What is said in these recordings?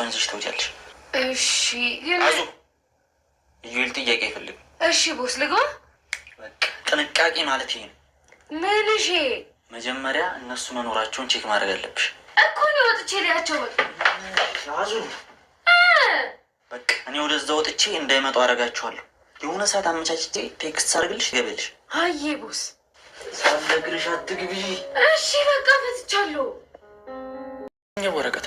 እሷን ይዘሽ ትወጫለሽ። እሺ ግን አዙ ዩል ጥያቄ ይፈልግ። እሺ ቦስ ልጎ ጥንቃቄ ማለት ይሄ ነው። ምን እሺ፣ መጀመሪያ እነሱ መኖራቸውን ቼክ ማድረግ አለብሽ እኮ ነው። ወጥቼ ሊያቸው አዙ፣ በቃ እኔ ወደዛ ወጥቼ እንዳይመጡ አደርጋችኋለሁ። የሆነ ሰዓት አመቻችቼ ቴክስት ሳርግልሽ ገበልሽ። አዬ ቦስ ሳለግርሽ አትግቢ። እሺ በቃ ፈትቻለሁ። ወረቀት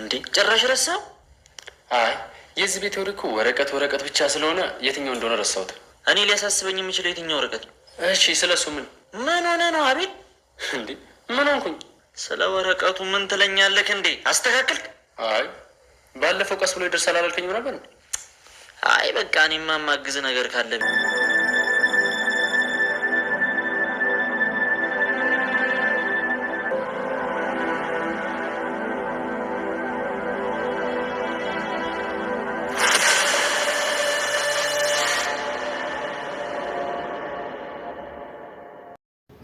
እንዴ ጭራሽ ረሳው። አይ የዚህ ቤት ወሬ ወረቀት ወረቀት ብቻ ስለሆነ የትኛው እንደሆነ ረሳሁት። እኔ ሊያሳስበኝ የሚችለው የትኛው ወረቀት ነው? እሺ ስለሱ ምን ምን ሆነ ነው? አቤት እንዴ ምን ሆንኩኝ? ስለ ወረቀቱ ምን ትለኛለህ እንዴ? አስተካክልክ። አይ ባለፈው ቀስ ብሎ ይደርሳል አላልከኝም ነበር? አይ በቃ እኔማ የማግዝ ነገር ካለ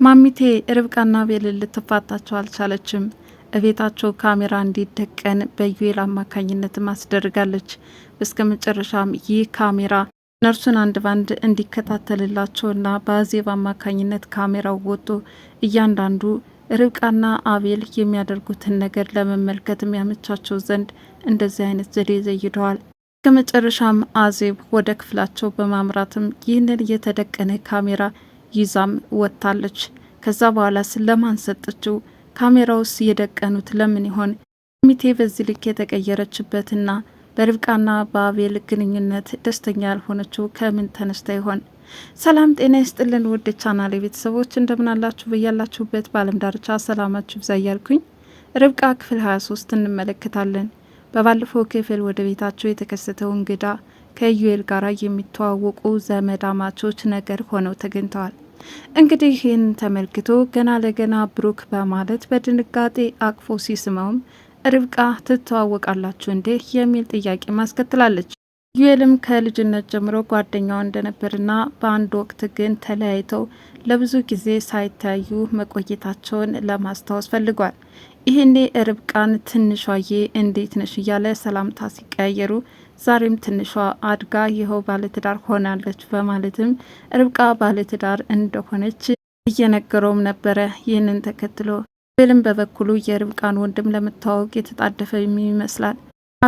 ማሚቴ ርብቃና ቤልን ልትፋታቸው አልቻለችም። እቤታቸው ካሜራ እንዲደቀን በዩኤል አማካኝነትም አስደርጋለች። እስከ መጨረሻም ይህ ካሜራ ነርሱን አንድ ባንድ እንዲከታተልላቸውና በአዜብ አማካኝነት ካሜራው ወጡ እያንዳንዱ ርብቃና አቤል የሚያደርጉትን ነገር ለመመልከት የሚያመቻቸው ዘንድ እንደዚህ አይነት ዘዴ ዘይደዋል። መጨረሻም አዜብ ወደ ክፍላቸው በማምራትም ይህንን የተደቀነ ካሜራ ይዛም ወጥታለች። ከዛ በኋላስ ለማን ሰጠችው? ካሜራውስ ውስጥ የደቀኑት ለምን ይሆን? ሚቴ በዚህ ልክ የተቀየረችበትና በርብቃና በአቤል ግንኙነት ደስተኛ ያልሆነችው ከምን ተነስታ ይሆን? ሰላም ጤና ይስጥልን ውድ የቻናሌ ቤተሰቦች እንደምናላችሁ በያላችሁበት በአለም ዳርቻ ሰላማችሁ ይብዛ እያልኩኝ ርብቃ ክፍል 23 እንመለከታለን። በባለፈው ክፍል ወደ ቤታቸው የተከሰተው እንግዳ ከዩኤል ጋር የሚተዋወቁ ዘመዳማቾች ነገር ሆነው ተገኝተዋል። እንግዲህ ይህን ተመልክቶ ገና ለገና ብሩክ በማለት በድንጋጤ አቅፎ ሲስመውም ርብቃ ትተዋወቃላችሁ እንዴ የሚል ጥያቄ ማስከትላለች። ዩኤልም ከልጅነት ጀምሮ ጓደኛው እንደነበርና በአንድ ወቅት ግን ተለያይተው ለብዙ ጊዜ ሳይታዩ መቆየታቸውን ለማስታወስ ፈልጓል። ይህኔ ርብቃን ትንሿዬ እንዴት ነሽ እያለ ሰላምታ ሲቀያየሩ ዛሬም ትንሿ አድጋ ይኸው ባለትዳር ሆናለች በማለትም ርብቃ ባለትዳር እንደሆነች እየነገረውም ነበረ። ይህንን ተከትሎ አቤልም በበኩሉ የርብቃን ወንድም ለመተዋወቅ የተጣደፈ ይመስላል።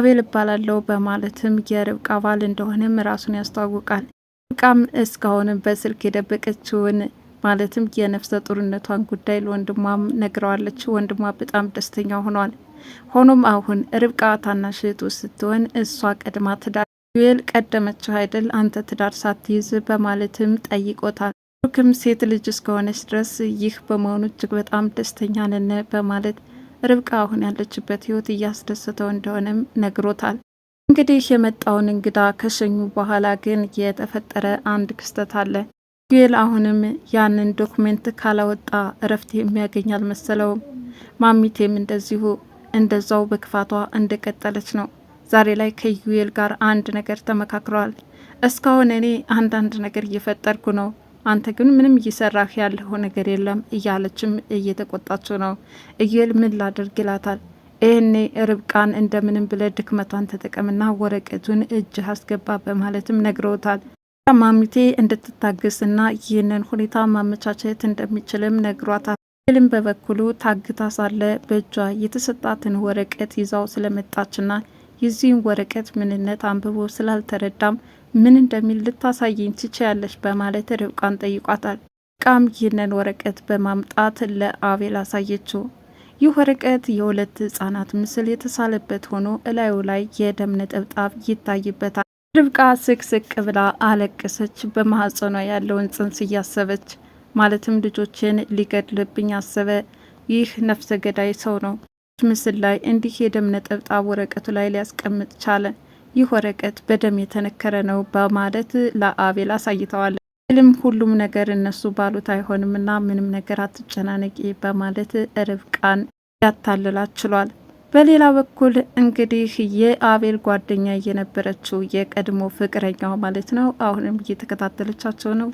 አቤል እባላለሁ በማለትም የርብቃ ባል እንደሆነም ራሱን ያስተዋውቃል። ርብቃም እስካሁንም በስልክ የደበቀችውን ማለትም የነፍሰ ጡርነቷን ጉዳይ ለወንድሟም ነግረዋለች። ወንድሟ በጣም ደስተኛ ሆኗል። ሆኖም አሁን ርብቃ ታናሽ እህቱ ስትሆን እሷ ቀድማ ትዳር ዩኤል ቀደመችው አይደል አንተ ትዳር ሳትይዝ በማለትም ጠይቆታል። ሩክም ሴት ልጅ እስከሆነች ድረስ ይህ በመሆኑ እጅግ በጣም ደስተኛ ነን በማለት ርብቃ አሁን ያለችበት ህይወት እያስደሰተው እንደሆነም ነግሮታል። እንግዲህ የመጣውን እንግዳ ከሸኙ በኋላ ግን የተፈጠረ አንድ ክስተት አለ። ዩኤል አሁንም ያንን ዶክሜንት ካላወጣ እረፍት የሚያገኝ አልመሰለውም። ማሚቴም እንደዚሁ እንደዛው በክፋቷ እንደቀጠለች ነው። ዛሬ ላይ ከዩኤል ጋር አንድ ነገር ተመካክረዋል። እስካሁን እኔ አንዳንድ ነገር እየፈጠርኩ ነው፣ አንተ ግን ምንም እየሰራህ ያለኸው ነገር የለም እያለችም እየተቆጣችው ነው። እየል ምን ላድርግ ይላታል። ይህኔ ርብቃን እንደምንም ብለ ድክመቷን ተጠቀምና ወረቀቱን እጅህ አስገባ በማለትም ነግረውታል። ማሚቴ እንድትታገስና ይህንን ሁኔታ ማመቻቸት እንደሚችልም ነግሯታል። ክፍልም በበኩሉ ታግታ ሳለ በእጇ የተሰጣትን ወረቀት ይዛው ስለመጣችና የዚህን ወረቀት ምንነት አንብቦ ስላልተረዳም ምን እንደሚል ልታሳየኝ ትችያለሽ በማለት ርብቃን ጠይቋታል። ቃም ይህንን ወረቀት በማምጣት ለአቤል አሳየችው። ይህ ወረቀት የሁለት ህጻናት ምስል የተሳለበት ሆኖ እላዩ ላይ የደም ነጠብጣብ ይታይበታል። ርብቃ ስቅስቅ ብላ አለቀሰች፣ በማህፀኗ ያለውን ጽንስ እያሰበች ማለትም ልጆችን ሊገድልብኝ አሰበ። ይህ ነፍሰ ገዳይ ሰው ነው። ምስል ላይ እንዲህ የደም ነጠብጣብ ወረቀቱ ላይ ሊያስቀምጥ ቻለ። ይህ ወረቀት በደም የተነከረ ነው በማለት ለአቤል አሳይተዋል። ልም ሁሉም ነገር እነሱ ባሉት አይሆንምና ምንም ነገር አትጨናነቂ በማለት ርብቃን ያታልላት ችሏል። በሌላ በኩል እንግዲህ የአቤል ጓደኛ የነበረችው የቀድሞ ፍቅረኛው ማለት ነው አሁንም እየተከታተለቻቸው ነው።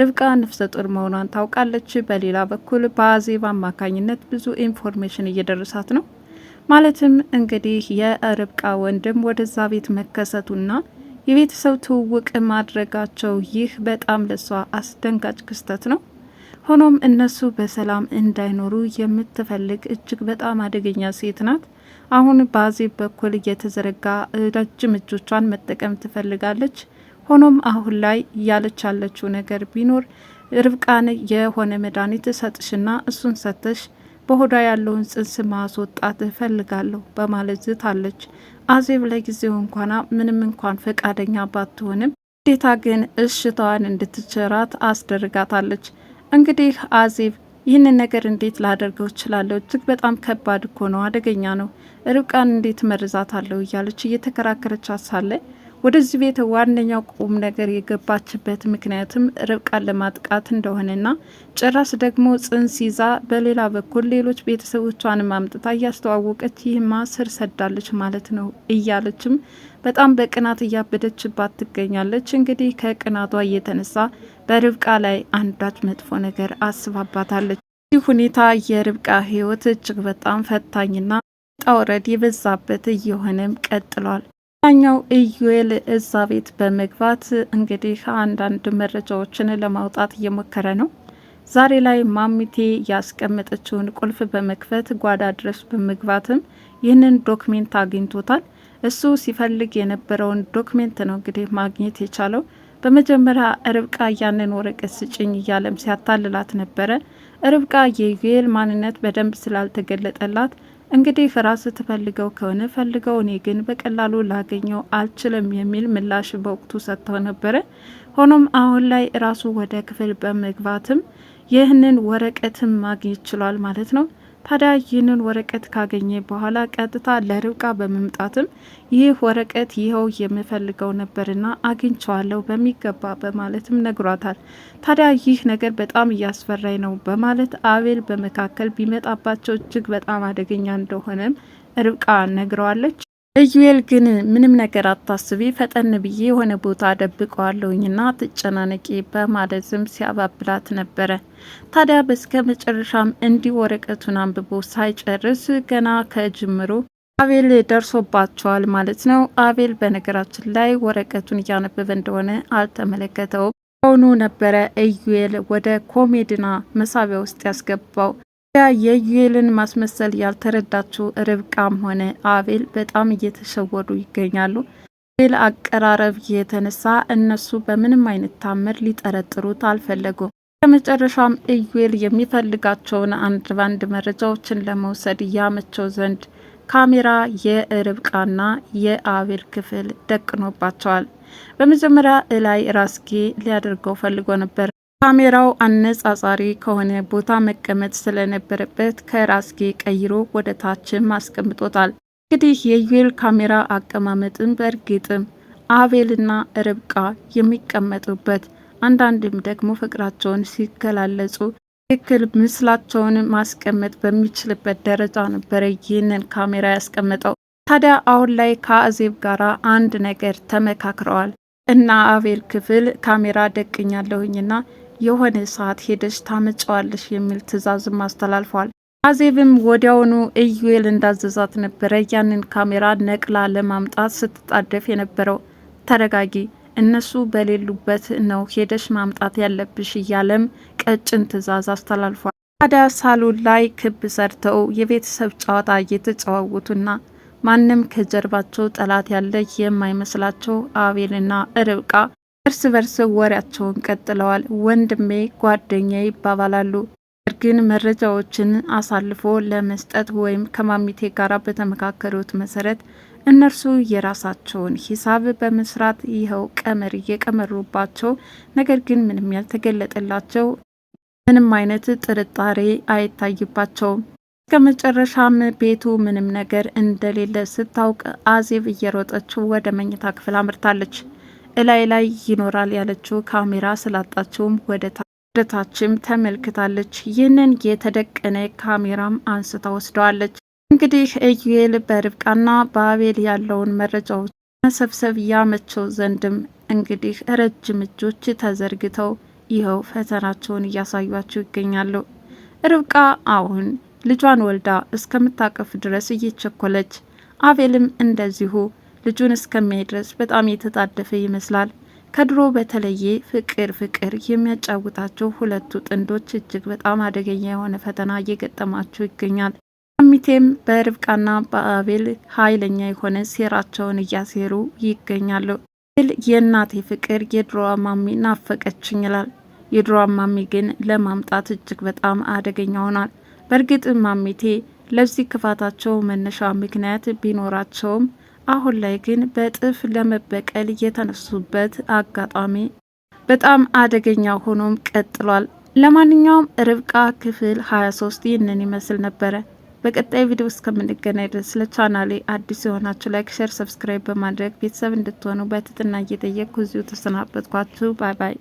ርብቃ ነፍሰ ጡር መሆኗን ታውቃለች። በሌላ በኩል በአዜብ አማካኝነት ብዙ ኢንፎርሜሽን እየደረሳት ነው። ማለትም እንግዲህ የርብቃ ወንድም ወደዛ ቤት መከሰቱና የቤተሰብ ትውውቅ ማድረጋቸው ይህ በጣም ለሷ አስደንጋጭ ክስተት ነው። ሆኖም እነሱ በሰላም እንዳይኖሩ የምትፈልግ እጅግ በጣም አደገኛ ሴት ናት። አሁን በአዜብ በኩል እየተዘረጋ ረጅም እጆቿን መጠቀም ትፈልጋለች። ሆኖም አሁን ላይ እያለች ያለችው ነገር ቢኖር ርብቃን የሆነ መድኃኒት ሰጥሽና እሱን ሰተሽ በሆዷ ያለውን ጽንስ ማስወጣት እፈልጋለሁ በማለት ዝታለች። አዜብ ለጊዜው እንኳና ምንም እንኳን ፈቃደኛ ባትሆንም ግዴታ ግን እሽታዋን እንድትችራት አስደርጋታለች። እንግዲህ አዜብ ይህንን ነገር እንዴት ላደርገው እችላለሁ? እጅግ በጣም ከባድ እኮ ነው፣ አደገኛ ነው። ርብቃን እንዴት መርዛታለሁ? እያለች እየተከራከረች ሳለ ወደዚህ ቤት ዋነኛው ቁም ነገር የገባችበት ምክንያትም ርብቃን ለማጥቃት እንደሆነና ጭራሽ ደግሞ ጽንስ ይዛ በሌላ በኩል ሌሎች ቤተሰቦቿን ማምጥታ እያስተዋወቀች ይህማ ስር ሰዳለች ማለት ነው እያለችም በጣም በቅናት እያበደችባት ትገኛለች። እንግዲህ ከቅናቷ እየተነሳ በርብቃ ላይ አንዳች መጥፎ ነገር አስባባታለች። ይህ ሁኔታ የርብቃ ህይወት እጅግ በጣም ፈታኝና ጣውረድ የበዛበት እየሆነም ቀጥሏል። ኛው ኢዩኤል እዛ ቤት በመግባት እንግዲህ አንዳንድ መረጃዎችን ለማውጣት እየሞከረ ነው። ዛሬ ላይ ማሚቴ ያስቀመጠችውን ቁልፍ በመክፈት ጓዳ ድረስ በመግባትም ይህንን ዶክሜንት አግኝቶታል። እሱ ሲፈልግ የነበረውን ዶክሜንት ነው እንግዲህ ማግኘት የቻለው። በመጀመሪያ ርብቃ ያንን ወረቀት ስጭኝ እያለም ሲያታልላት ነበረ። ርብቃ የዩኤል ማንነት በደንብ ስላልተገለጠላት እንግዲህ ራስ ትፈልገው ከሆነ ፈልገው፣ እኔ ግን በቀላሉ ላገኘው አልችልም የሚል ምላሽ በወቅቱ ሰጥተው ነበረ። ሆኖም አሁን ላይ ራሱ ወደ ክፍል በመግባትም ይህንን ወረቀትም ማግኘት ችሏል ማለት ነው። ታዲያ ይህንን ወረቀት ካገኘ በኋላ ቀጥታ ለርብቃ በመምጣትም ይህ ወረቀት ይኸው የምፈልገው ነበርና አግኝቸዋለሁ በሚገባ በማለትም ነግሯታል። ታዲያ ይህ ነገር በጣም እያስፈራኝ ነው በማለት አቤል በመካከል ቢመጣባቸው እጅግ በጣም አደገኛ እንደሆነም ርብቃ ነግረዋለች። እዩኤል ግን ምንም ነገር አታስቢ፣ ፈጠን ብዬ የሆነ ቦታ ደብቀዋለሁኝና ትጨናነቂ በማለትም ሲያባብላት ነበረ። ታዲያ በስከ መጨረሻም እንዲህ ወረቀቱን አንብቦ ሳይጨርስ ገና ከጅምሩ አቤል ደርሶባቸዋል ማለት ነው። አቤል በነገራችን ላይ ወረቀቱን እያነበበ እንደሆነ አልተመለከተውም። ሆኑ ነበረ ኢዩኤል ወደ ኮሜድና መሳቢያ ውስጥ ያስገባው የዩኤልን ማስመሰል ያልተረዳችው ርብቃም ሆነ አቤል በጣም እየተሸወዱ ይገኛሉ። ዩኤል አቀራረብ የተነሳ እነሱ በምንም አይነት ታምር ሊጠረጥሩት አልፈለጉም። ከመጨረሻም ኢዩኤል የሚፈልጋቸውን አንድ ባንድ መረጃዎችን ለመውሰድ ያመቸው ዘንድ ካሜራ የርብቃና የአቤል ክፍል ደቅኖባቸዋል። በመጀመሪያ እላይ ራስጌ ሊያደርገው ፈልጎ ነበር። ካሜራው አነጻጻሪ ከሆነ ቦታ መቀመጥ ስለነበረበት ከራስጌ ቀይሮ ወደ ታችም አስቀምጦታል። እንግዲህ የዩኤል ካሜራ አቀማመጥን በእርግጥም አቤልና ርብቃ የሚቀመጡበት አንዳንድም ደግሞ ፍቅራቸውን ሲገላለጹ ትክክል ምስላቸውን ማስቀመጥ በሚችልበት ደረጃ ነበረ ይህንን ካሜራ ያስቀመጠው። ታዲያ አሁን ላይ ከአዜብ ጋር አንድ ነገር ተመካክረዋል እና አቤል ክፍል ካሜራ ደቅኛለሁኝና የሆነ ሰዓት ሄደሽ ታመጫዋለሽ የሚል ትዕዛዝም አስተላልፏል። አዜብም ወዲያውኑ ኢዩኤል እንዳዘዛት ነበረ ያንን ካሜራ ነቅላ ለማምጣት ስትጣደፍ የነበረው። ተረጋጊ፣ እነሱ በሌሉበት ነው ሄደሽ ማምጣት ያለብሽ እያለም ቀጭን ትዕዛዝ አስተላልፏል። ታዲያ ሳሎን ላይ ክብ ሰርተው የቤተሰብ ጨዋታ እየተጨዋወቱና ማንም ከጀርባቸው ጠላት ያለ የማይመስላቸው አቤልና ርብቃ እርስ በርስ ወሬያቸውን ቀጥለዋል። ወንድሜ፣ ጓደኛ ይባባላሉ። ግን መረጃዎችን አሳልፎ ለመስጠት ወይም ከማሚቴ ጋር በተመካከሩት መሰረት እነርሱ የራሳቸውን ሂሳብ በመስራት ይኸው ቀመር እየቀመሩባቸው ነገር ግን ምንም ያልተገለጠላቸው ምንም አይነት ጥርጣሬ አይታይባቸውም። እስከ መጨረሻም ቤቱ ምንም ነገር እንደሌለ ስታውቅ አዜብ እየሮጠች ወደ መኝታ ክፍል አምርታለች። እላይ ላይ ይኖራል ያለችው ካሜራ ስላጣችውም ወደ ታችም ተመልክታለች። ይህንን የተደቀነ ካሜራም አንስታ ወስደዋለች። እንግዲህ ኢዩኤል በርብቃና በአቤል ያለውን መረጃዎች መሰብሰብ ያመቸው ዘንድም እንግዲህ ረጅም እጆች ተዘርግተው ይኸው ፈተናቸውን እያሳዩቸው ይገኛሉ። ርብቃ አሁን ልጇን ወልዳ እስከምታቀፍ ድረስ እየቸኮለች አቤልም እንደዚሁ ልጁን እስከሚያይ ድረስ በጣም የተጣደፈ ይመስላል። ከድሮ በተለየ ፍቅር ፍቅር የሚያጫውታቸው ሁለቱ ጥንዶች እጅግ በጣም አደገኛ የሆነ ፈተና እየገጠማቸው ይገኛል። ሚቴም በርብቃና በአቤል ኃይለኛ የሆነ ሴራቸውን እያሴሩ ይገኛሉ። ል የእናቴ ፍቅር የድሮዋ ማሚ ናፈቀችኝ ይላል። የድሮ ማሚ ግን ለማምጣት እጅግ በጣም አደገኛ ሆኗል። በእርግጥ ማሚቴ ለዚህ ክፋታቸው መነሻ ምክንያት ቢኖራቸውም አሁን ላይ ግን በጥፍ ለመበቀል የተነሱበት አጋጣሚ በጣም አደገኛ ሆኖም ቀጥሏል። ለማንኛውም ርብቃ ክፍል 23 ይህንን ይመስል ነበረ። በቀጣይ ቪዲዮ እስከምንገናኝ ድረስ ለቻናሌ አዲስ የሆናችሁ ላይክ፣ ሸር፣ ሰብስክራይብ በማድረግ ቤተሰብ እንድትሆኑ በትህትና እየጠየቅኩ እዚሁ ተሰናበትኳችሁ። ባይ ባይ።